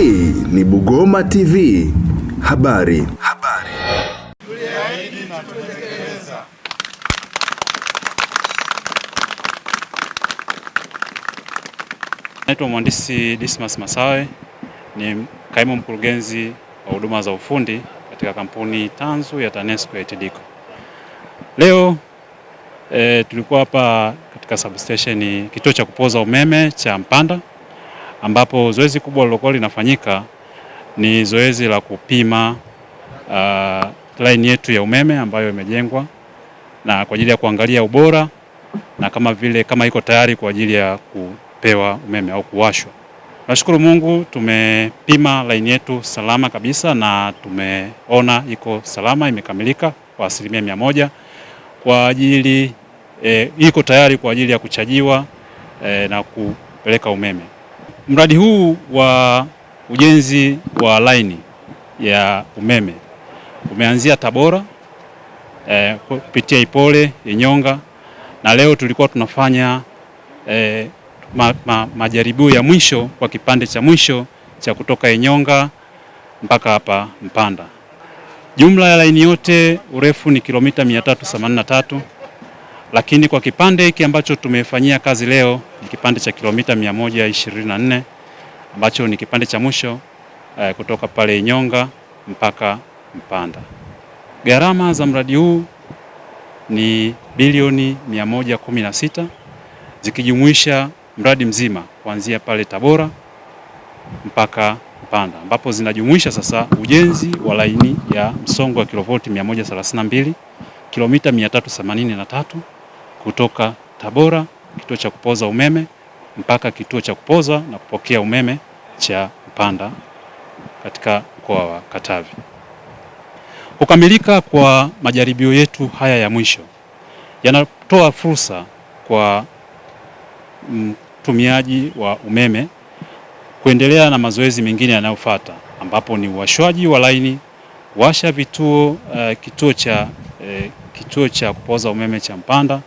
Hii ni Bugoma TV. Habari. Habari. Tuliahidi na tutekeleza. Naitwa mhandisi Dismas Masawe, ni kaimu mkurugenzi wa huduma za ufundi katika kampuni tanzu ya TANESCO ya Tidiko. Leo e, tulikuwa hapa katika substation, kituo cha kupoza umeme cha Mpanda ambapo zoezi kubwa lilokuwa linafanyika ni zoezi la kupima uh, laini yetu ya umeme ambayo imejengwa na kwa ajili ya kuangalia ubora na kama vile kama iko tayari kwa ajili ya kupewa umeme au kuwashwa. Nashukuru Mungu tumepima laini yetu salama kabisa na tumeona iko salama, imekamilika kwa asilimia mia moja kwa ajili e, iko tayari kwa ajili ya kuchajiwa e, na kupeleka umeme. Mradi huu wa ujenzi wa laini ya umeme umeanzia Tabora eh, kupitia Ipole, Inyonga na leo tulikuwa tunafanya eh, ma, ma, majaribio ya mwisho kwa kipande cha mwisho cha kutoka Inyonga mpaka hapa Mpanda. Jumla ya laini yote urefu ni kilomita 383 lakini kwa kipande hiki ambacho tumefanyia kazi leo ni kipande cha kilomita 124 ambacho ni kipande cha mwisho eh, kutoka pale Inyonga mpaka Mpanda. Gharama za mradi huu ni bilioni 116 zikijumuisha mradi mzima kuanzia pale Tabora mpaka Mpanda ambapo zinajumuisha sasa ujenzi wa laini ya msongo wa kilovolti 132 kilomita 383 kutoka Tabora kituo cha kupoza umeme mpaka kituo cha kupoza na kupokea umeme cha Mpanda katika mkoa wa Katavi. Kukamilika kwa majaribio yetu haya ya mwisho yanatoa fursa kwa mtumiaji wa umeme kuendelea na mazoezi mengine yanayofuata ambapo ni uwashwaji wa laini, washa vituo uh, kituo cha uh, kituo cha kupoza umeme cha Mpanda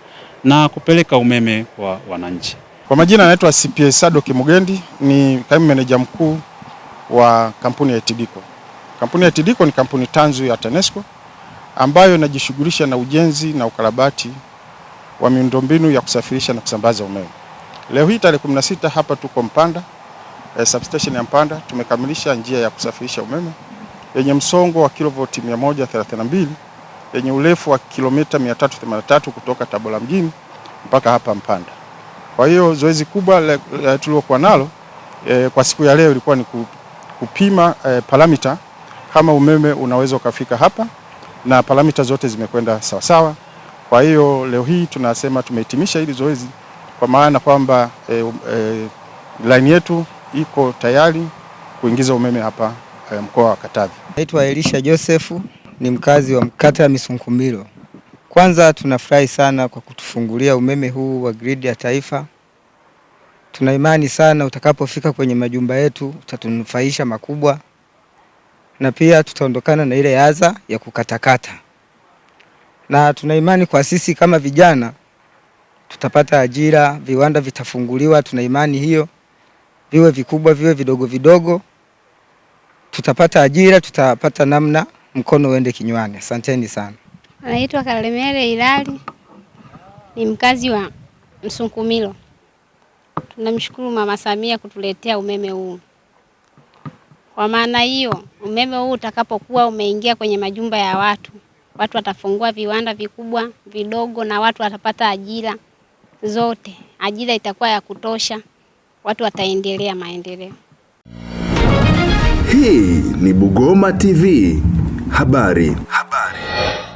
na kupeleka umeme kwa wananchi. Kwa majina anaitwa CPA Sado Kimugendi, ni kaimu meneja mkuu wa kampuni ya tidiko Kampuni ya tidiko ni kampuni tanzu ya TANESCO ambayo inajishughulisha na ujenzi na ukarabati wa miundombinu ya kusafirisha na kusambaza umeme. Leo hii tarehe 16 hapa tuko Mpanda, eh, substation ya Mpanda tumekamilisha njia ya kusafirisha umeme yenye msongo wa kilovoti 132 yenye urefu wa kilomita 383 kutoka Tabora mjini mpaka hapa Mpanda. Kwa hiyo zoezi kubwa tuliokuwa nalo e, kwa siku ya leo ilikuwa ni kupima e, paramita kama umeme unaweza ukafika hapa na paramita zote zimekwenda sawasawa. Kwa hiyo leo hii tunasema tumehitimisha hili zoezi kwa maana kwamba e, e, laini yetu iko tayari kuingiza umeme hapa e, mkoa wa Katavi. Naitwa Elisha Joseph ni mkazi wa kata ya Misunkumiro. Kwanza tunafurahi sana kwa kutufungulia umeme huu wa gridi ya taifa. Tuna imani sana utakapofika kwenye majumba yetu utatunufaisha makubwa, na pia tutaondokana na ile adha ya kukatakata, na tuna imani kwa sisi kama vijana tutapata ajira, viwanda vitafunguliwa. Tuna imani hiyo, viwe vikubwa viwe vidogo vidogo, tutapata ajira, tutapata namna mkono uende kinywani. Asanteni sana. Anaitwa Kalemele ilali ni mkazi wa Msunkumilo. Tunamshukuru Mama Samia kutuletea umeme huu. Kwa maana hiyo, umeme huu utakapokuwa umeingia kwenye majumba ya watu, watu watafungua viwanda vikubwa, vidogo na watu watapata ajira zote. Ajira itakuwa ya kutosha, watu wataendelea maendeleo. Hii ni Bugoma TV habari.